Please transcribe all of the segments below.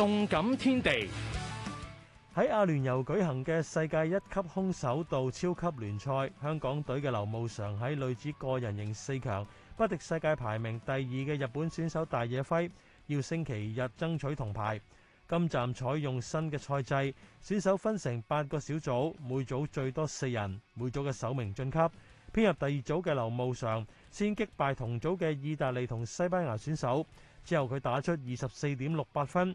動感天地，喺阿聯酋舉行嘅世界一級空手道超級聯賽，香港隊嘅劉慕裳喺女子個人形四強，不敵世界排名第二嘅日本選手大野輝，要星期日爭取銅牌。今站採用新嘅賽制，選手分成八個小組，每組最多四人，每組嘅首名晉級。編入第二組嘅劉慕裳，先擊敗同組嘅意大利同西班牙選手，之後佢打出二十四點六八分。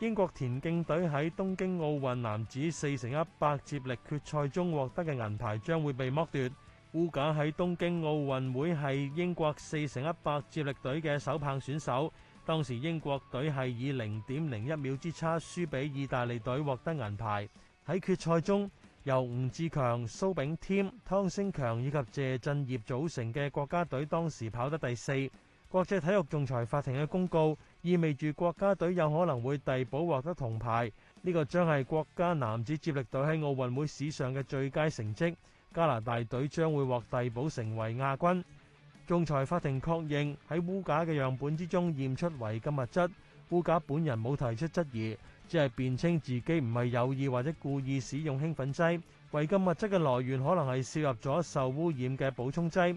英國田徑隊喺東京奧運男子四乘一百接力決賽中獲得嘅銀牌將會被剝奪。烏賈喺東京奧運會係英國四乘一百接力隊嘅首棒選手，當時英國隊係以零點零一秒之差輸俾意大利隊獲得銀牌。喺決賽中，由吳智強、蘇炳添、湯星強以及謝震業組成嘅國家隊當時跑得第四。國際體育仲裁法庭嘅公告意味住國家隊有可能會遞補獲得銅牌，呢個將係國家男子接力隊喺奧運會史上嘅最佳成績。加拿大隊將會獲遞補成為亞軍。仲裁法庭確認喺烏賈嘅樣本之中驗出違禁物質，烏賈本人冇提出質疑，只係辯稱自己唔係有意或者故意使用興奮劑。違禁物質嘅來源可能係攝入咗受污染嘅補充劑。